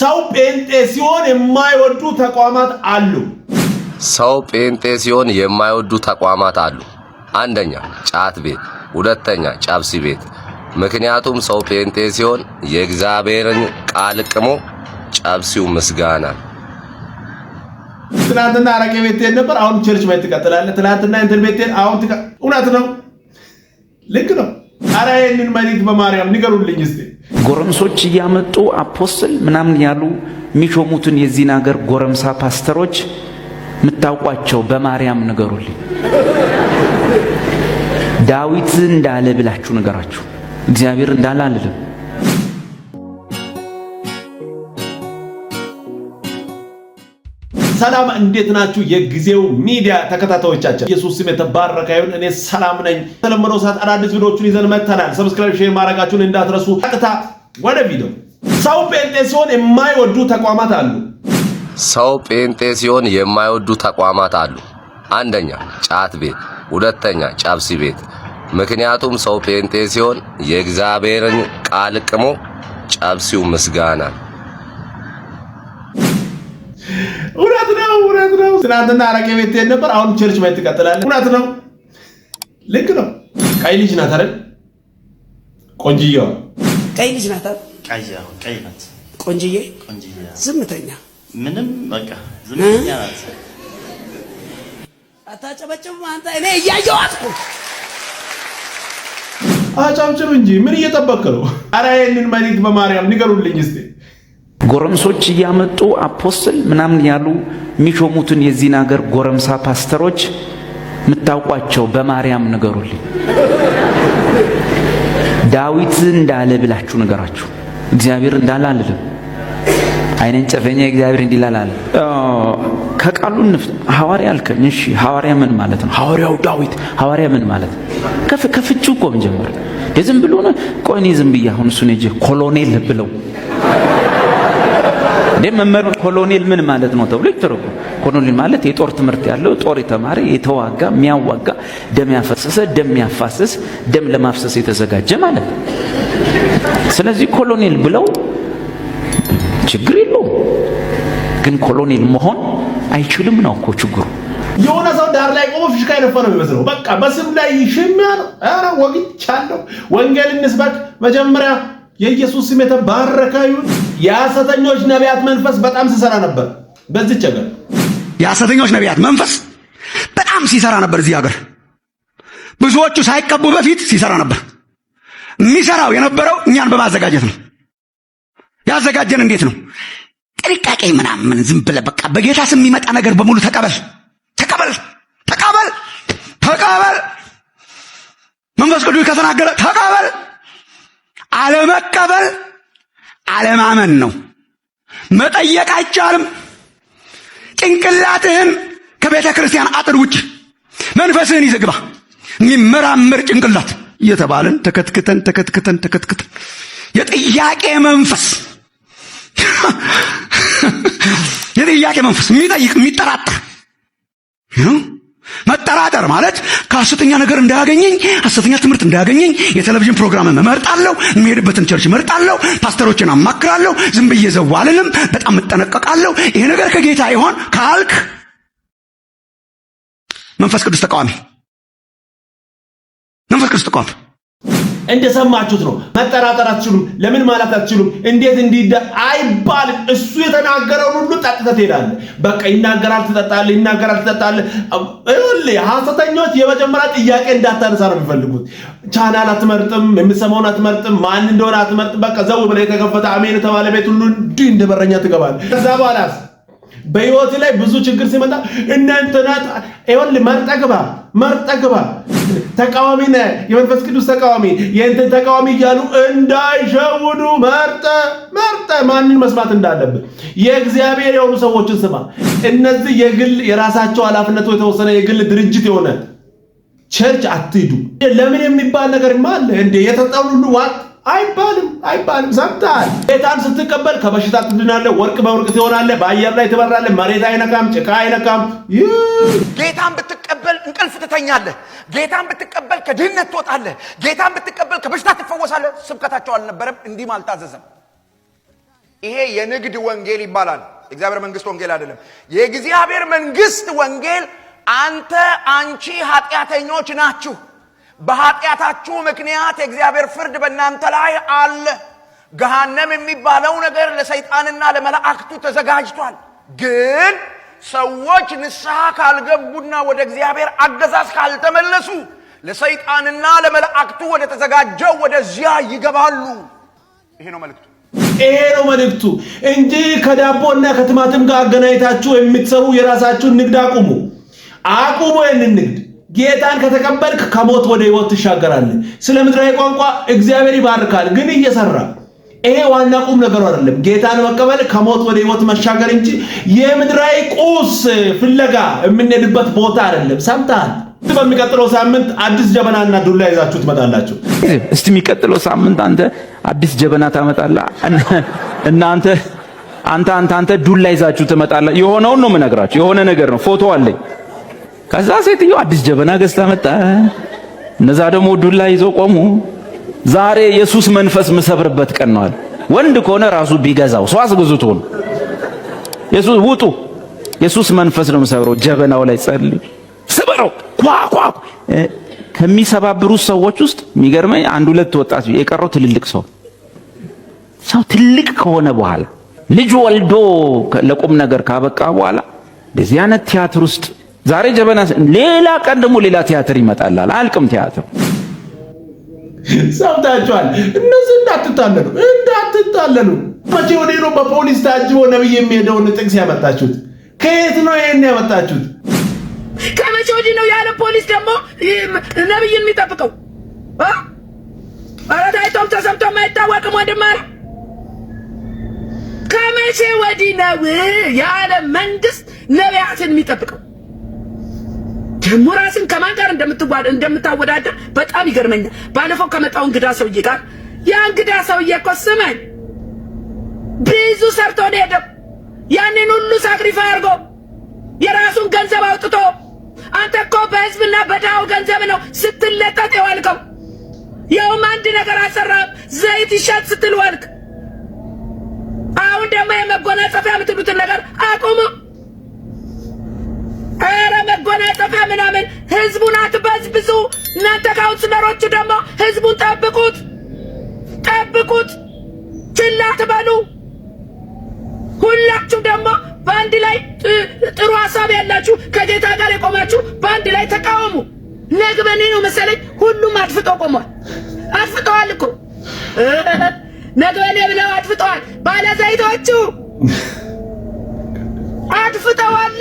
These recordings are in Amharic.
ሰው ጴንጤ ሲሆን የማይወዱ ተቋማት አሉ። ሰው ጴንጤ ሲሆን የማይወዱ ተቋማት አሉ። አንደኛ ጫት ቤት፣ ሁለተኛ ጫብሲ ቤት። ምክንያቱም ሰው ጴንጤ ሲሆን የእግዚአብሔርን ቃል ቅሞ ጫብሲው ምስጋና ትናንትና አረቄ ቤት ነበር፣ አሁን ቸርች ማየት ትቀጥላለህ። ትናንትና እንትን ቤት አሁን እውነት ነው፣ ልክ ነው። አረ ይህንን መሪት በማርያም ንገሩልኝ እስቲ ጎረምሶች እያመጡ አፖስትል ምናምን ያሉ የሚሾሙትን የዚህን አገር ጎረምሳ ፓስተሮች የምታውቋቸው በማርያም ንገሩልኝ። ዳዊት እንዳለ ብላችሁ ንገራችሁ። እግዚአብሔር እንዳለ አልልም። ሰላም እንዴት ናችሁ? የጊዜው ሚዲያ ተከታታዮቻችን ኢየሱስ ስም የተባረከ ይሁን። እኔ ሰላም ነኝ። ተለመደው ሰዓት አዳዲስ ቪዲዮዎችን ይዘን መጥተናል። ሰብስክራይብ፣ ሼር ማድረጋችሁን እንዳትረሱ። ቀጥታ ወደ ቪዲዮ። ሰው ጴንጤ ሲሆን የማይወዱ ተቋማት አሉ። ሰው ጴንጤ ሲሆን የማይወዱ ተቋማት አሉ። አንደኛ ጫት ቤት፣ ሁለተኛ ጫብሲ ቤት። ምክንያቱም ሰው ጴንጤ ሲሆን የእግዚአብሔርን ቃል ቅሞ ጫብሲው ምስጋና ትናንትና አረቄ ቤት ትሄድ ነበር፣ አሁን ቸርች ማየት ትቀጥላለህ። እውነት ነው፣ ልክ ነው። ቀይ ልጅ ናት አይደል? ቆንጅዬዋ ቀይ ልጅ ናት ቀይ ናት ቆንጅዬ፣ ዝምተኛ ምንም በቃ ዝምተኛ ናት። አታጨበጭብም አንተ። እኔ እያየኋት እኮ እንጂ ምን እየጠበክ ነው? አረ ይህንን መሬት በማርያም ንገሩልኝ ጎረምሶች እያመጡ አፖስትል ምናምን ያሉ የሚሾሙትን የዚህን ሀገር ጎረምሳ ፓስተሮች የምታውቋቸው በማርያም ንገሩልኝ። ዳዊት እንዳለ ብላችሁ ንገራችሁ። እግዚአብሔር እንዳለ አልልም። አይነን ጨፈኛ እግዚአብሔር እንዲላል አለ። ከቃሉ ንፍ ሐዋርያ አልከኝ። እሺ ሐዋርያ ምን ማለት ነው? ሐዋርያው ዳዊት ሐዋርያ ምን ማለት ከፍ ከፍቹ እኮ መጀመር የዝም ብሎ ነው። ቆይ እኔ ዝም ብዬ አሁን እሱን ሂጅ ኮሎኔል ብለው እንዴ መመር ኮሎኔል ምን ማለት ነው ተብሎ ይተረጎ ኮሎኔል ማለት የጦር ትምህርት ያለው ጦር የተማረ የተዋጋ የሚያዋጋ ደም ያፈሰሰ ደም ያፋሰስ ደም ለማፍሰስ የተዘጋጀ ማለት ነው። ስለዚህ ኮሎኔል ብለው ችግር የለውም። ግን ኮሎኔል መሆን አይችልም ነው እኮ ችግሩ። የሆነ ሰው ዳር ላይ ቆሞ ፍሽካ የነፋ ነው የሚመስለው። በቃ በስም ላይ ሽሚያ ነው። ኧረ ወግቻለሁ። ወንጌል እንስበክ። መጀመሪያ የኢየሱስ ስም የተባረከ ይሁን። የሐሰተኞች ነቢያት መንፈስ በጣም ሲሰራ ነበር በዚህ ሀገር። የሐሰተኞች ነቢያት መንፈስ በጣም ሲሰራ ነበር እዚህ ሀገር። ብዙዎቹ ሳይቀቡ በፊት ሲሰራ ነበር። የሚሰራው የነበረው እኛን በማዘጋጀት ነው። ያዘጋጀን እንዴት ነው? ጥንቃቄ ምናምን ዝም ብለህ በቃ በጌታ ስም የሚመጣ ነገር በሙሉ ተቀበል ተቀበል ተቀበል ተቀበል። መንፈስ ቅዱስ ከተናገረ ተቀበል። አለመቀበል አለማመን ነው። መጠየቅ አይቻልም። ጭንቅላትህን ከቤተ ክርስቲያን አጥር ውጭ መንፈስህን ይዘግባ የሚመራመር ጭንቅላት እየተባለን ተከትክተን ተከትክተን ተከትክተን የጥያቄ መንፈስ የጥያቄ መንፈስ የሚጠይቅ የሚጠራጠር መጠራጠር ማለት ከሐሰተኛ ነገር እንዳያገኘኝ ሐሰተኛ ትምህርት እንዳያገኘኝ የቴሌቪዥን ፕሮግራም እመርጣለሁ፣ የሚሄድበትን ቸርች እመርጣለሁ፣ ፓስተሮችን አማክራለሁ፣ ዝም ብዬ ዘው አልልም፣ በጣም እጠነቀቃለሁ። ይሄ ነገር ከጌታ ይሆን ካልክ መንፈስ ቅዱስ ተቃዋሚ፣ መንፈስ ቅዱስ ተቃዋሚ እንደሰማችሁት ነው። መጠራጠር አትችሉም። ለምን ማለት አትችሉም። እንዴት እንዲህ አይባልም። እሱ የተናገረውን ሁሉ ጠጥተህ ትሄዳለህ። በቃ ይናገራል፣ ትጠጣለህ፣ ይናገራል፣ ትጠጣለህ። ሐሰተኞች የመጀመሪያ ጥያቄ እንዳታነሳ ነው የሚፈልጉት። ቻናል አትመርጥም፣ የምትሰማውን አትመርጥም፣ ማን እንደሆነ አትመርጥም። በቃ ዘው ብለህ የተከፈተ አሜን የተባለ ቤት ሁሉ እንዲህ እንደበረኛ ትገባለህ። ከዛ በህይወት ላይ ብዙ ችግር ሲመጣ እናንተ ናት ይወል መርጠግባ መርጠግባ ተቃዋሚ ነህ፣ የመንፈስ ቅዱስ ተቃዋሚ፣ የእንትን ተቃዋሚ እያሉ እንዳይሸውዱ መርጠ መርጠ ማንን መስማት እንዳለብን የእግዚአብሔር የሆኑ ሰዎችን ስማ። እነዚህ የግል የራሳቸው ኃላፊነቱ የተወሰነ የግል ድርጅት የሆነ ቸርች አትሂዱ። ለምን የሚባል ነገር ማለ እንዴ የተጠሉ ዋት አይባልም አይባልም። ሰምተሃል? ጌታን ስትቀበል ከበሽታ ትድናለህ። ወርቅ በወርቅ ትሆናለህ። በአየር ላይ ትበራለህ። መሬት አይነካም፣ ጭቃ አይነካም። ጌታን ብትቀበል እንቅልፍ ትተኛለህ። ጌታን ብትቀበል ከድህነት ትወጣለህ። ጌታን ብትቀበል ከበሽታ ትፈወሳለህ። ስብከታቸው አልነበረም፣ እንዲህም አልታዘዘም። ይሄ የንግድ ወንጌል ይባላል። የእግዚአብሔር መንግስት ወንጌል አይደለም። የእግዚአብሔር መንግስት ወንጌል አንተ አንቺ ኃጢአተኞች ናችሁ በኃጢአታችሁ ምክንያት የእግዚአብሔር ፍርድ በእናንተ ላይ አለ። ገሃነም የሚባለው ነገር ለሰይጣንና ለመላእክቱ ተዘጋጅቷል። ግን ሰዎች ንስሐ ካልገቡና ወደ እግዚአብሔር አገዛዝ ካልተመለሱ ለሰይጣንና ለመላእክቱ ወደ ተዘጋጀው ወደዚያ ይገባሉ። ይሄ ነው መልእክቱ። ይሄ ነው መልእክቱ እንጂ እና ከትማትም ጋር አገናኝታችሁ የምትሰሩ የራሳችሁን ንግድ አቁሙ፣ አቁሙ ይህንን ንግድ ጌታን ከተቀበልክ ከሞት ወደ ህይወት ትሻገራለህ። ስለ ምድራዊ ቋንቋ እግዚአብሔር ይባርካል፣ ግን እየሰራ ይሄ ዋና ቁም ነገሩ አይደለም። ጌታን መቀበል ከሞት ወደ ህይወት መሻገር እንጂ የምድራዊ ቁስ ፍለጋ የምንሄድበት ቦታ አይደለም። ሰምተሃል? በሚቀጥለው ሳምንት አዲስ ጀበናና ዱላ ይዛችሁ ትመጣላችሁ። እስቲ የሚቀጥለው ሳምንት አንተ አዲስ ጀበና ታመጣላ እናንተ አንተ አንተ አንተ ዱላ ይዛችሁ ትመጣለህ። የሆነውን ነው የምነግራችሁ። የሆነ ነገር ነው ፎቶ አለኝ ከዛ ሴትዮ አዲስ ጀበና ገዝታ መጣ። እነዛ ደግሞ ዱላ ይዘው ቆሙ። ዛሬ የሱስ መንፈስ ምሰብርበት ቀን ነው አለ። ወንድ ከሆነ ራሱ ቢገዛው ሷስ አስገዙት ሆኖ የሱስ ውጡ፣ የሱስ መንፈስ ነው ምሰብረው። ጀበናው ላይ ጸልይ ስበረው። ኳ ከሚሰባብሩ ሰዎች ውስጥ የሚገርመኝ አንድ ሁለት ወጣት የቀረው ትልልቅ ሰው ሰው ትልቅ ከሆነ በኋላ ልጅ ወልዶ ለቁም ነገር ካበቃ በኋላ እንደዚህ አይነት ቲያትር ውስጥ ዛሬ ጀበና፣ ሌላ ቀን ደግሞ ሌላ ቲያትር ይመጣላል። አልቅም ቲያትር ሰምታችኋል። እነዚህ እንዳትታለሉ እንዳትታለሉ። መቼ ወደ ነው በፖሊስ ታጅቦ ነብይ የሚሄደውን ጥቅስ ያመጣችሁት? ከየት ነው ይሄን ያመጣችሁት? ከመቼ ወዲህ ነው ያለ ፖሊስ ደግሞ ነብይ የሚጠብቀው? ኧረ ታይቶም ተሰምቶም አይታወቅም ከመቼ ወዲህ ነው ያለ መንግስት ነቢያትን የሚጠብቀው? ደግሞ ራስን ከማን ጋር እንደምታወዳደር በጣም ይገርመኛል። ባለፈው ከመጣው እንግዳ ሰውዬ ጋር ያ እንግዳ ሰውዬ እኮ ስመኝ ብዙ ሰርቶ ነው ሄደው ያንን ሁሉ ሳክሪፋይ አድርጎ የራሱን ገንዘብ አውጥቶ አንተ እኮ በህዝብና በድሃው ገንዘብ ነው ስትለጠጥ የዋልከው። ያውም አንድ ነገር አሰራ ዘይት ይሻት ስትል ዋልክ። አሁን ደግሞ የመጎናጸፊያ የምትሉትን ነገር አቁሙ። አረ መጎናጸፊያ ምናምን ህዝቡን አትበዝብዙ። እናንተ ካውንስለሮቹ ደግሞ ህዝቡን ጠብቁት፣ ጠብቁት፣ ችላ አትበሉ። ሁላችሁ ደግሞ በአንድ ላይ ጥሩ ሀሳብ ያላችሁ ከጌታ ጋር የቆማችሁ በአንድ ላይ ተቃወሙ። ነግበኔ ነው መሰለኝ ሁሉም አድፍጦ ቆሟል። አድፍጠዋል እኮ ነግበኔ ብለው አድፍጠዋል። ባለዘይቶቹ አድፍጠዋል።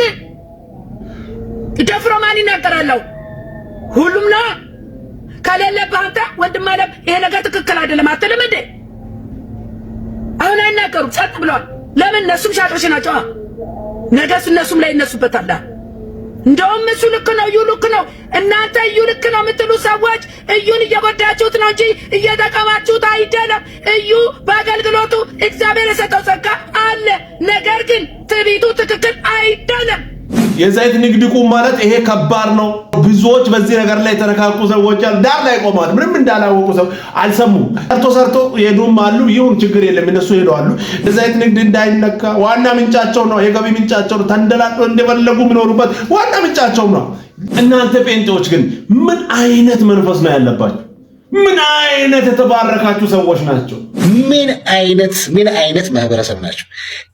ማን ይናገራለሁ? ሁሉም ነው ከሌለብህ አንተ ወንድም አለም ይሄ ነገር ትክክል አይደለም አትልም እንዴ? አሁን አይናገሩም፣ ጸጥ ብለዋል። ለምን? እነሱም ሻጮች ናቸው። ነገስ እነሱም ላይ ይነሱበታል። እንደውም እሱ ልክ ነው፣ እዩ ልክ ነው፣ እናንተ እዩ ልክ ነው የምትሉ ሰዎች እዩን እየጎዳችሁት ነው እንጂ እየጠቀማችሁት አይደለም። እዩ በአገልግሎቱ እግዚአብሔር የሰጠው ጸጋ አለ። ነገር ግን ትዕቢቱ ትክክል አይደለም። የዘይት ንግድ ቁም ማለት ይሄ ከባድ ነው። ብዙዎች በዚህ ነገር ላይ የተነካኩ ሰዎች ዳር ላይ ቆመዋል። ምንም እንዳላወቁ ሰው አልሰሙም። ሰርቶ ሰርቶ ሄዱም አሉ። ይሁን ችግር የለም እነሱ ሄደዋሉ። የዘይት ንግድ እንዳይነካ ዋና ምንጫቸው ነው፣ የገቢ ምንጫቸው ነው። ተንደላጦ እንደፈለጉ የሚኖሩበት ዋና ምንጫቸው ነው። እናንተ ጴንጤዎች ግን ምን አይነት መንፈስ ነው ያለባቸው? ምን አይነት የተባረካችሁ ሰዎች ናቸው? ምን አይነት ምን አይነት ማህበረሰብ ናቸው?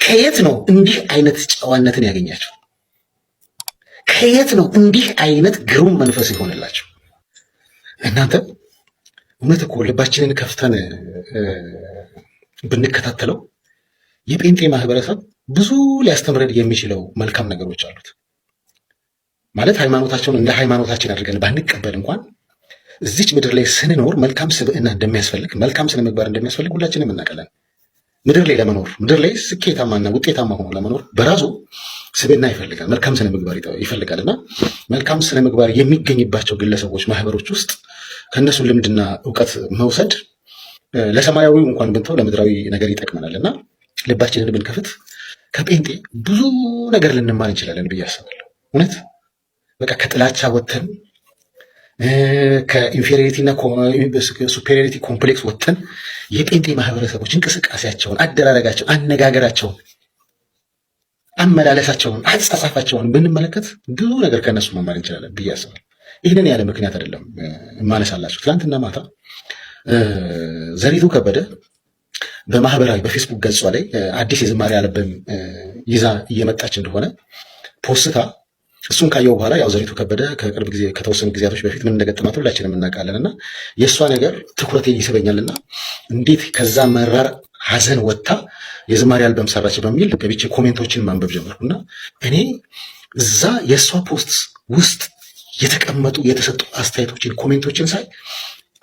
ከየት ነው እንዲህ አይነት ጨዋነትን ያገኛቸው? ከየት ነው እንዲህ አይነት ግሩም መንፈስ የሆነላቸው? እናንተ እውነት እኮ ልባችንን ከፍተን ብንከታተለው የጴንጤ ማህበረሰብ ብዙ ሊያስተምረን የሚችለው መልካም ነገሮች አሉት። ማለት ሃይማኖታቸውን እንደ ሃይማኖታችን አድርገን ባንቀበል እንኳን እዚች ምድር ላይ ስንኖር መልካም ስብዕና እንደሚያስፈልግ፣ መልካም ስነ ምግባር እንደሚያስፈልግ ሁላችንም እናቀለን። ምድር ላይ ለመኖር ምድር ላይ ስኬታማና ውጤታማ ሆኖ ለመኖር በራሱ ስብና ይፈልጋል፣ መልካም ስነ ምግባር ይፈልጋል። እና መልካም ስነ ምግባር የሚገኝባቸው ግለሰቦች፣ ማህበሮች ውስጥ ከእነሱ ልምድና እውቀት መውሰድ ለሰማያዊ እንኳን ብንተው ለምድራዊ ነገር ይጠቅመናል። እና ልባችንን ብንከፍት ከጴንጤ ብዙ ነገር ልንማር እንችላለን ብዬ አስባለሁ። እውነት በቃ ከጥላቻ ወጥተን ከኢንፌሪሪቲና ሱፔሪሪቲ ኮምፕሌክስ ወጥተን የጴንጤ ማህበረሰቦች እንቅስቃሴያቸውን፣ አደራረጋቸውን፣ አነጋገራቸውን፣ አመላለሳቸውን፣ አጻጻፋቸውን ብንመለከት ብዙ ነገር ከእነሱ መማር እንችላለን ብዬ አስባለሁ። ይህንን ያለ ምክንያት አይደለም ማነሳላችሁ። ትናንትና ማታ ዘሪቱ ከበደ በማህበራዊ በፌስቡክ ገጿ ላይ አዲስ የዝማሬ አልበም ይዛ እየመጣች እንደሆነ ፖስታ እሱን ካየው በኋላ ያው ዘሪቱ ከበደ ከቅርብ ጊዜ ከተወሰኑ ጊዜያቶች በፊት ምን እንደገጠማት ሁላችንም እናውቃለን። እና የእሷ ነገር ትኩረት እና እንዴት ከዛ መራር ሀዘን ወጥታ የዝማሪ አልበም ሰራች በሚል ገብቼ ኮሜንቶችን ማንበብ ጀመርኩ እና እኔ እዛ የእሷ ፖስት ውስጥ የተቀመጡ የተሰጡ አስተያየቶችን ኮሜንቶችን ሳይ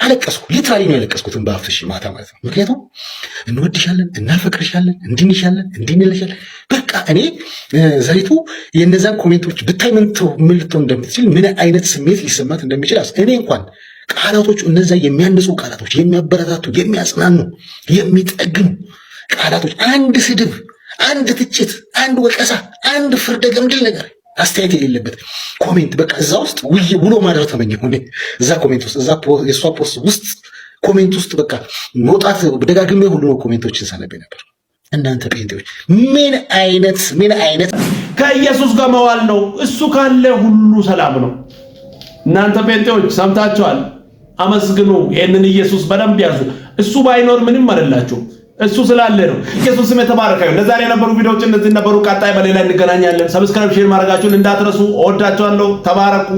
አለቀስኩ። ሊትራሊ ነው ያለቀስኩት እንባ ማታ ማለት ነው። ምክንያቱም እንወድሻለን፣ እናፈቅርሻለን፣ እንድንሻለን፣ እንድንለሻለን በቃ እኔ ዘሪቱ የእነዛን ኮሜንቶች ብታይ ምን ልትሆን እንደምትችል ምን አይነት ስሜት ሊሰማት እንደሚችል እኔ እንኳን ቃላቶቹ እነዛ የሚያንጹ ቃላቶች፣ የሚያበረታቱ፣ የሚያጽናኑ፣ የሚጠግኑ ቃላቶች አንድ ስድብ፣ አንድ ትችት፣ አንድ ወቀሳ፣ አንድ ፍርደ ገምድል ነገር አስተያየት የሌለበት ኮሜንት በቃ እዛ ውስጥ ውይ ውሎ ማድረግ ተመኘሁ። እዛ ኮሜንት ውስጥ እዛ የእሷ ፖስት ውስጥ ኮሜንት ውስጥ በቃ መውጣት ደጋግሜ ሁሉ ነው ኮሜንቶችን ሳነብ ነበር። እናንተ ጴንጤዎች ምን አይነት ምን አይነት ከኢየሱስ ጋር መዋል ነው? እሱ ካለ ሁሉ ሰላም ነው። እናንተ ጴንጤዎች ሰምታችኋል። አመስግኑ። ይህንን ኢየሱስ በደንብ ያዙ። እሱ ባይኖር ምንም አይደላችሁ። እሱ ስላለ ነው። ኢየሱስ ስም የተባረከ ይሁን። ለዛሬ የነበሩ ቪዲዮዎች እነዚህ ነበሩ። ቀጣይ በሌላ እንገናኛለን። ሰብስክራይብ፣ ሼር ማድረጋችሁን እንዳትረሱ። እወዳችኋለሁ። ተባረኩ።